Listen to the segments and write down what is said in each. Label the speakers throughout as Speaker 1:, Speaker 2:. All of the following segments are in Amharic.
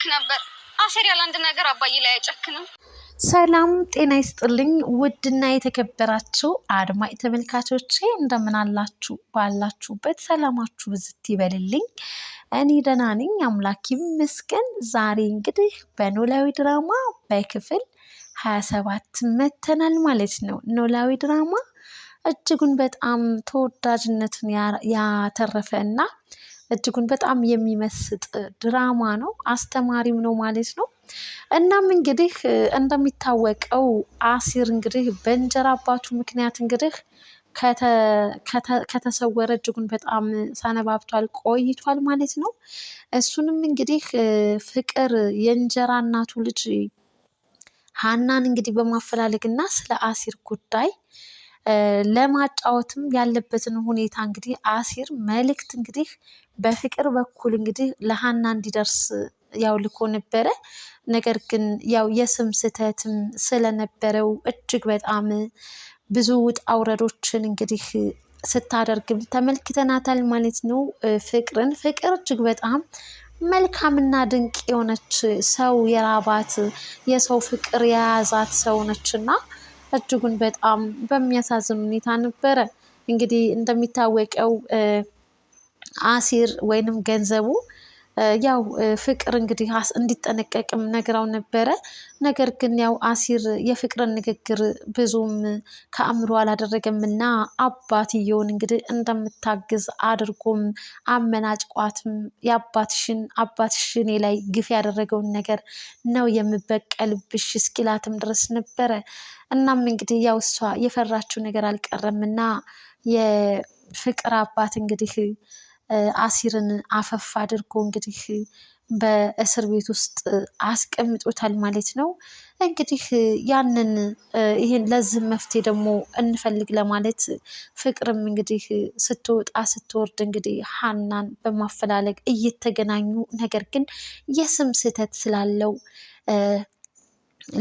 Speaker 1: ልክ ነበር። አሴር ያለ አንድ ነገር አባዬ ላይ አይጨክንም። ሰላም ጤና ይስጥልኝ። ውድና የተከበራችሁ አድማጭ ተመልካቾቼ እንደምን አላችሁ? ባላችሁበት ሰላማችሁ ብዝት ይበልልኝ። እኔ ደህና ነኝ፣ አምላክ ይመስገን። ዛሬ እንግዲህ በኖላዊ ድራማ በክፍል ሀያ ሰባት መተናል ማለት ነው። ኖላዊ ድራማ እጅጉን በጣም ተወዳጅነትን ያተረፈ እና እጅጉን በጣም የሚመስጥ ድራማ ነው። አስተማሪም ነው ማለት ነው። እናም እንግዲህ እንደሚታወቀው አሲር እንግዲህ በእንጀራ አባቱ ምክንያት እንግዲህ ከተሰወረ እጅጉን በጣም ሰነባብቷል ቆይቷል ማለት ነው። እሱንም እንግዲህ ፍቅር የእንጀራ እናቱ ልጅ ሀናን እንግዲህ በማፈላለግ እና ስለ አሲር ጉዳይ ለማጫወትም ያለበትን ሁኔታ እንግዲህ አሲር መልእክት እንግዲህ በፍቅር በኩል እንግዲህ ለሀና እንዲደርስ ያው ልኮ ነበረ። ነገር ግን ያው የስም ስህተትም ስለነበረው እጅግ በጣም ብዙ ውጣ ውረዶችን እንግዲህ ስታደርግም ተመልክተናታል ማለት ነው ፍቅርን። ፍቅር እጅግ በጣም መልካምና ድንቅ የሆነች ሰው የራባት የሰው ፍቅር የያዛት ሰው እና እጅጉን በጣም በሚያሳዝን ሁኔታ ነበረ። እንግዲህ እንደሚታወቀው አሲር ወይንም ገንዘቡ ያው ፍቅር እንግዲህ እንዲጠነቀቅም ነግራው ነበረ። ነገር ግን ያው አሲር የፍቅርን ንግግር ብዙም ከአእምሮ አላደረገም እና አባትየውን እንግዲህ እንደምታግዝ አድርጎም አመናጭቋትም የአባትሽን አባትሽኔ ላይ ግፍ ያደረገውን ነገር ነው የምበቀልብሽ እስኪላትም ድረስ ነበረ። እናም እንግዲህ ያው እሷ የፈራችው ነገር አልቀረም እና የፍቅር አባት እንግዲህ አሲርን አፈፍ አድርጎ እንግዲህ በእስር ቤት ውስጥ አስቀምጦታል ማለት ነው። እንግዲህ ያንን ይህን ለዚህ መፍትሄ ደግሞ እንፈልግ ለማለት ፍቅርም እንግዲህ ስትወጣ ስትወርድ እንግዲህ ሀናን በማፈላለግ እየተገናኙ ነገር ግን የስም ስህተት ስላለው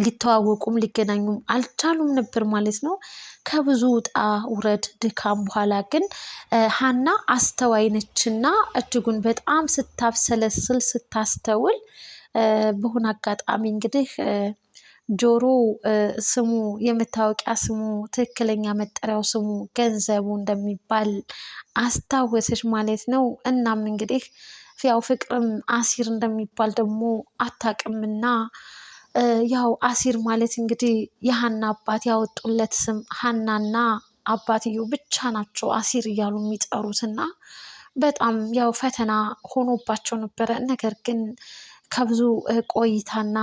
Speaker 1: ሊተዋወቁም ሊገናኙም አልቻሉም ነበር ማለት ነው። ከብዙ ውጣ ውረድ ድካም በኋላ ግን ሀና አስተዋይነችና እጅጉን በጣም ስታብሰለስል ስታስተውል በሆነ አጋጣሚ እንግዲህ ጆሮ ስሙ የመታወቂያ ስሙ ትክክለኛ መጠሪያው ስሙ ገንዘቡ እንደሚባል አስታወሰች ማለት ነው። እናም እንግዲህ ያው ፍቅርም አሲር እንደሚባል ደግሞ አታውቅምና ያው አሲር ማለት እንግዲህ የሀና አባት ያወጡለት ስም ሀናና አባትየው ብቻ ናቸው አሲር እያሉ እና በጣም ያው ፈተና ሆኖባቸው ነበረ። ነገር ግን ከብዙ ቆይታና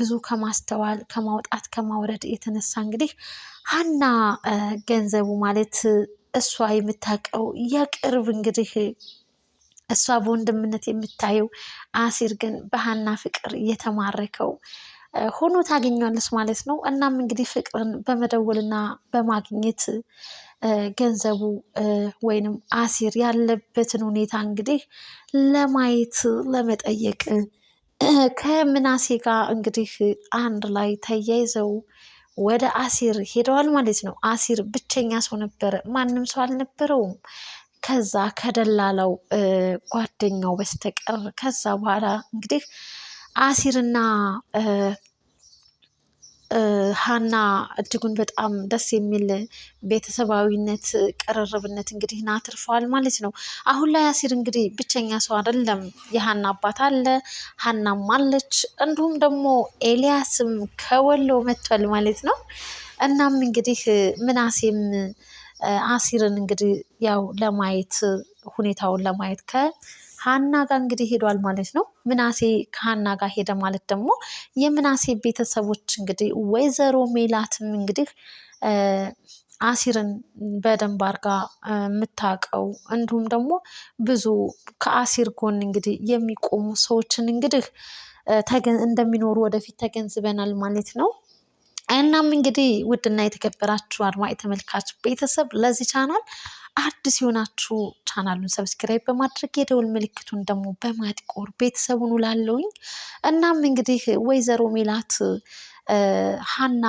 Speaker 1: ብዙ ከማስተዋል ከማውጣት ከማውረድ የተነሳ እንግዲህ ሀና ገንዘቡ ማለት እሷ የምታውቀው የቅርብ እንግዲህ እሷ በወንድምነት የምታየው አሲር ግን በሀና ፍቅር እየተማረከው ሆኖ ታገኟለች ማለት ነው። እናም እንግዲህ ፍቅርን በመደወልና በማግኘት ገንዘቡ ወይንም አሲር ያለበትን ሁኔታ እንግዲህ ለማየት ለመጠየቅ ከምናሴ ጋር እንግዲህ አንድ ላይ ተያይዘው ወደ አሲር ሄደዋል ማለት ነው። አሲር ብቸኛ ሰው ነበረ፣ ማንም ሰው አልነበረውም ከዛ ከደላላው ጓደኛው በስተቀር። ከዛ በኋላ እንግዲህ አሲርና ሀና እጅጉን በጣም ደስ የሚል ቤተሰባዊነት ቅርርብነት እንግዲህ ናትርፈዋል ማለት ነው። አሁን ላይ አሲር እንግዲህ ብቸኛ ሰው አይደለም። የሀና አባት አለ፣ ሀናም አለች፣ እንዲሁም ደግሞ ኤልያስም ከወሎ መጥቷል ማለት ነው። እናም እንግዲህ ምናሴም አሲርን እንግዲህ ያው ለማየት ሁኔታውን ለማየት ከ ሀና ጋር እንግዲህ ሄዷል ማለት ነው። ምናሴ ከሀና ጋር ሄደ ማለት ደግሞ የምናሴ ቤተሰቦች እንግዲህ ወይዘሮ ሜላትም እንግዲህ አሲርን በደንብ አርጋ የምታውቀው እንዲሁም ደግሞ ብዙ ከአሲር ጎን እንግዲህ የሚቆሙ ሰዎችን እንግዲህ እንደሚኖሩ ወደፊት ተገንዝበናል ማለት ነው። እናም እንግዲህ ውድና የተከበራችሁ አድማጭ ተመልካች ቤተሰብ ለዚህ ቻናል አዲስ የሆናችሁ ቻናሉን ሰብስክራይብ በማድረግ የደውል ምልክቱን ደግሞ በማጥቆር ቤተሰቡን ውላለውኝ። እናም እንግዲህ ወይዘሮ ሜላት ሀና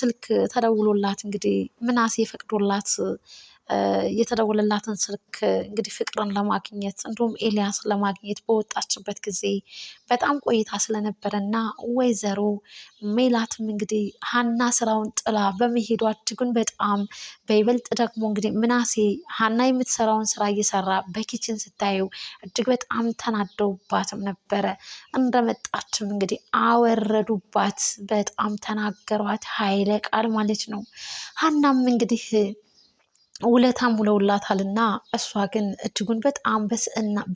Speaker 1: ስልክ ተደውሎላት እንግዲህ ምናሴ ፈቅዶላት የተደወለላትን ስልክ እንግዲህ ፍቅርን ለማግኘት እንዲሁም ኤልያስን ለማግኘት በወጣችበት ጊዜ በጣም ቆይታ ስለነበረ እና ወይዘሮ ሜላትም እንግዲህ ሀና ስራውን ጥላ በመሄዷ እጅጉን በጣም በይበልጥ ደግሞ እንግዲህ ምናሴ ሀና የምትሰራውን ስራ እየሰራ በኪችን ስታየው እጅግ በጣም ተናደውባትም ነበረ። እንደመጣችም እንግዲህ አወረዱባት፣ በጣም ተናገሯት ኃይለ ቃል ማለት ነው። ሀናም እንግዲህ ውለታም ውለውላታልና እሷ ግን እጅጉን በጣም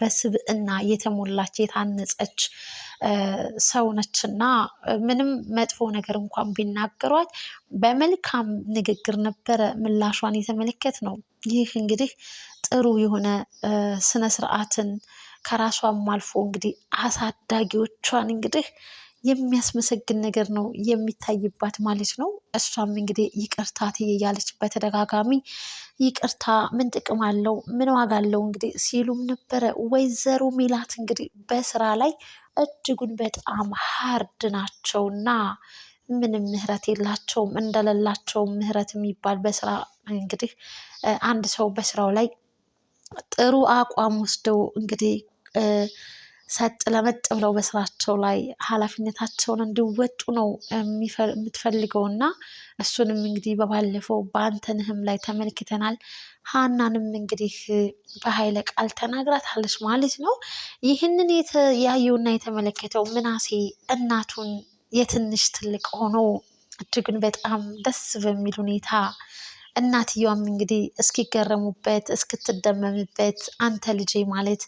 Speaker 1: በስብዕና የተሞላች የታነጸች ሰው ነችና ምንም መጥፎ ነገር እንኳን ቢናገሯት በመልካም ንግግር ነበረ ምላሿን የተመለከት ነው። ይህ እንግዲህ ጥሩ የሆነ ስነ ስርዓትን ከራሷም አልፎ እንግዲህ አሳዳጊዎቿን እንግዲህ የሚያስመሰግን ነገር ነው የሚታይባት ማለት ነው። እሷም እንግዲህ ይቅርታ ትዬ እያለች በተደጋጋሚ ይቅርታ ምን ጥቅም አለው? ምን ዋጋ አለው? እንግዲህ ሲሉም ነበረ። ወይዘሮ ሜላት እንግዲህ በስራ ላይ እጅጉን በጣም ሀርድ እና ምንም ምህረት የላቸውም። እንደሌላቸውም ምህረት የሚባል በስራ እንግዲህ አንድ ሰው በስራው ላይ ጥሩ አቋም ወስደው እንግዲህ ሰጥ ለመጥ ብለው በስራቸው ላይ ኃላፊነታቸውን እንዲወጡ ነው የምትፈልገው እና እሱንም እንግዲህ በባለፈው በአንተንህም ላይ ተመልክተናል። ሀናንም እንግዲህ በኃይለ ቃል ተናግራታለች ማለት ነው። ይህንን ያየውና የተመለከተው ምናሴ እናቱን የትንሽ ትልቅ ሆኖ እጅግን በጣም ደስ በሚል ሁኔታ እናትየዋም እንግዲህ እስኪገረሙበት እስክትደመምበት አንተ ልጄ ማለት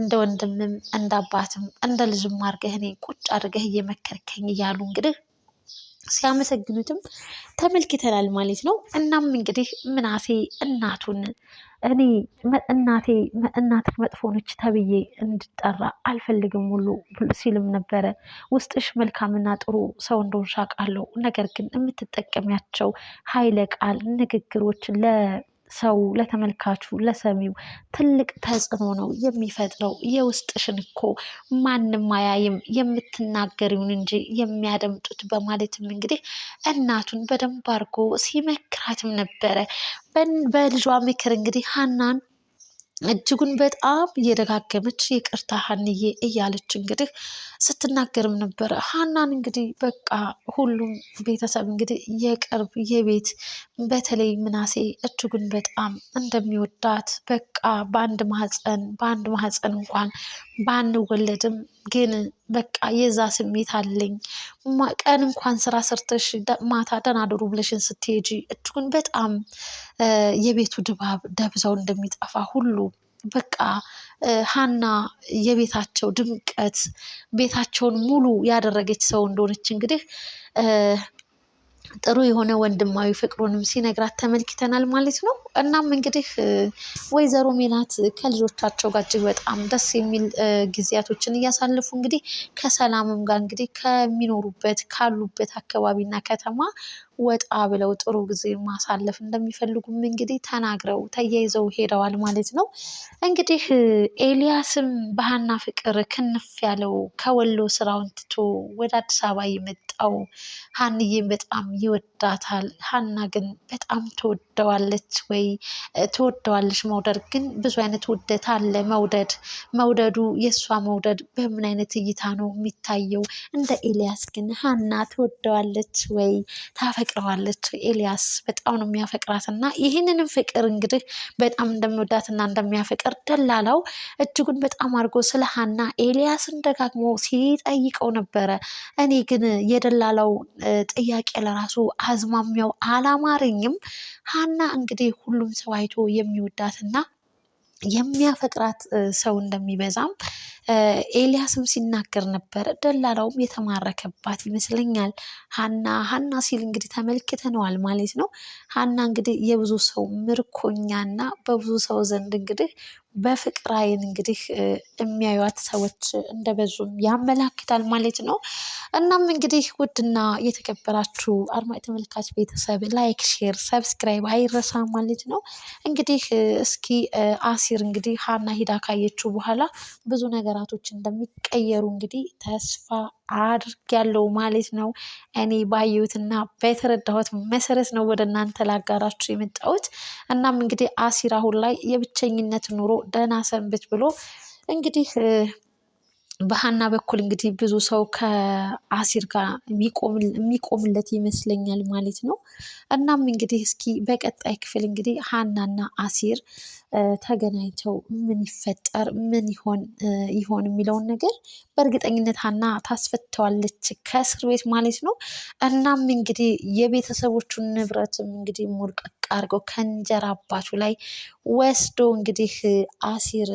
Speaker 1: እንደ ወንድምም እንደ አባትም እንደ ልጅም አድርገህ እኔ ቁጭ አድርገህ እየመከርከኝ እያሉ እንግዲህ ሲያመሰግኑትም ተመልክተናል ማለት ነው። እናም እንግዲህ ምናሴ እናቱን
Speaker 2: እኔ እናቴ እናትህ መጥፎ ነች ተብዬ እንድጠራ አልፈልግም ሁሉ ሲልም ነበረ። ውስጥሽ መልካምና ጥሩ ሰው እንደሆንሽ አውቃለሁ። ነገር ግን የምትጠቀሚያቸው ኃይለ ቃል ንግግሮች ሰው ለተመልካቹ ለሰሚው ትልቅ ተጽዕኖ ነው የሚፈጥረው። የውስጥሽን እኮ ማንም አያይም የምትናገሪውን እንጂ የሚያደምጡት በማለትም እንግዲህ እናቱን በደንብ አድርጎ ሲመክራትም ነበረ። በልጇ ምክር እንግዲህ ሀናን እጅጉን በጣም እየደጋገመች ይቅርታ ሀንዬ እያለች እንግዲህ ስትናገርም ነበረ። ሀናን እንግዲህ በቃ ሁሉም ቤተሰብ እንግዲህ የቅርብ የቤት በተለይ ምናሴ እጅጉን በጣም እንደሚወዳት በቃ በአንድ ማህፀን በአንድ ማህፀን እንኳን ባንወለድም ግን በቃ የዛ ስሜት አለኝ። ቀን እንኳን ስራ ሰርተሽ ማታ ደህና ብለሽን ስትሄጂ እጅጉን በጣም የቤቱ ድባብ ደብዛው እንደሚጠፋ ሁሉ በቃ ሀና የቤታቸው ድምቀት ቤታቸውን ሙሉ ያደረገች ሰው እንደሆነች እንግዲህ ጥሩ የሆነ ወንድማዊ ፍቅሩንም ሲነግራት ተመልክተናል ማለት ነው። እናም እንግዲህ ወይዘሮ ሜላት ከልጆቻቸው ጋር እጅግ በጣም ደስ የሚል ጊዜያቶችን እያሳለፉ እንግዲህ ከሰላምም ጋር እንግዲህ ከሚኖሩበት ካሉበት አካባቢና ከተማ ወጣ ብለው ጥሩ ጊዜ ማሳለፍ እንደሚፈልጉም እንግዲህ ተናግረው ተያይዘው ሄደዋል ማለት ነው። እንግዲህ ኤልያስም ባህና ፍቅር ክንፍ ያለው ከወሎ ስራውን ትቶ ወደ አዲስ አበባ የመጣ የመጣው። ሀንዬም በጣም ይወዳታል። ሀና ግን በጣም ትወደዋለች ወይ ትወደዋለች። መውደድ ግን ብዙ አይነት ውደት አለ። መውደድ መውደዱ የእሷ መውደድ በምን አይነት እይታ ነው የሚታየው? እንደ ኤልያስ ግን ሀና ትወደዋለች ወይ ታፈቅረዋለች? ኤልያስ በጣም ነው የሚያፈቅራት እና ይህንንም ፍቅር እንግዲህ በጣም እንደሚወዳትና እንደሚያፈቅር ደላላው እጅጉን በጣም አድርጎ ስለ ሀና ኤልያስን ደጋግሞ ሲጠይቀው ነበረ። እኔ ግን የደ ደላላው ጥያቄ ለራሱ አዝማሚያው አላማረኝም። ሀና እንግዲህ ሁሉም ሰው አይቶ የሚወዳትና የሚያፈቅራት ሰው እንደሚበዛም ኤልያስም ሲናገር ነበር። ደላላውም የተማረከባት ይመስለኛል። ሀና ሀና ሲል እንግዲህ ተመልክተነዋል ማለት ነው። ሀና እንግዲህ የብዙ ሰው ምርኮኛና በብዙ ሰው ዘንድ እንግዲህ በፍቅር አይን እንግዲህ የሚያዩት ሰዎች እንደበዙም ያመላክታል ማለት ነው። እናም እንግዲህ ውድና የተከበራችሁ አድማጭ ተመልካች ቤተሰብ ላይክ፣ ሼር፣ ሰብስክራይብ አይረሳ ማለት ነው። እንግዲህ እስኪ አሲር እንግዲህ ሀና ሂዳ ካየችው በኋላ ብዙ ነገራቶች እንደሚቀየሩ እንግዲህ ተስፋ አድርግ ያለው ማለት ነው። እኔ ባየሁትና በተረዳሁት መሰረት ነው ወደ እናንተ ላጋራችሁ የመጣሁት። እናም እንግዲህ አሲር አሁን ላይ የብቸኝነት ኑሮ ደህና ሰንብት ብሎ እንግዲህ በሀና በኩል እንግዲህ ብዙ ሰው ከአሲር ጋር የሚቆምለት ይመስለኛል ማለት ነው። እናም እንግዲህ እስኪ በቀጣይ ክፍል እንግዲህ ሀናና አሲር ተገናኝተው ምን ይፈጠር ምን ይሆን ይሆን የሚለውን ነገር በእርግጠኝነት ሀና ታስፈተዋለች ከእስር ቤት ማለት ነው። እናም እንግዲህ የቤተሰቦቹን ንብረትም እንግዲህ ሙርቀቅ አድርገው ከእንጀራ አባቱ ላይ ወስዶ እንግዲህ አሲር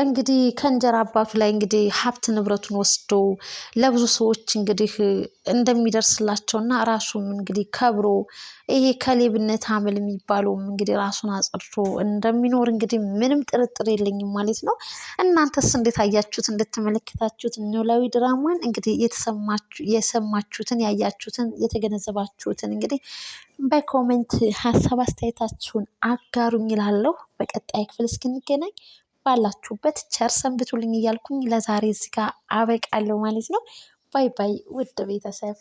Speaker 2: እንግዲህ ከእንጀራ አባቱ ላይ እንግዲህ ሀብት ንብረቱን ወስዶ ለብዙ ሰዎች እንግዲህ እንደሚደርስላቸውና ራሱም እንግዲህ ከብሮ ይሄ ከሌብነት አመል የሚባለውም እንግዲህ ራሱን አጽድቶ እንደሚኖር እንግዲህ ምንም ጥርጥር የለኝም ማለት ነው። እናንተስ እንዴት አያችሁት? እንደተመለከታችሁት ኖላዊ ድራማን እንግዲህ የሰማችሁትን፣ ያያችሁትን፣ የተገነዘባችሁትን እንግዲህ በኮሜንት ሀሳብ አስተያየታችሁን አጋሩኝ ይላለሁ በቀጣይ ክፍል እስክንገናኝ ባላችሁበት ቸር ሰንብቱልኝ እያልኩኝ ለዛሬ እዚህ ጋር አበቃለሁ ማለት ነው። ባይ ባይ ውድ ቤተሰብ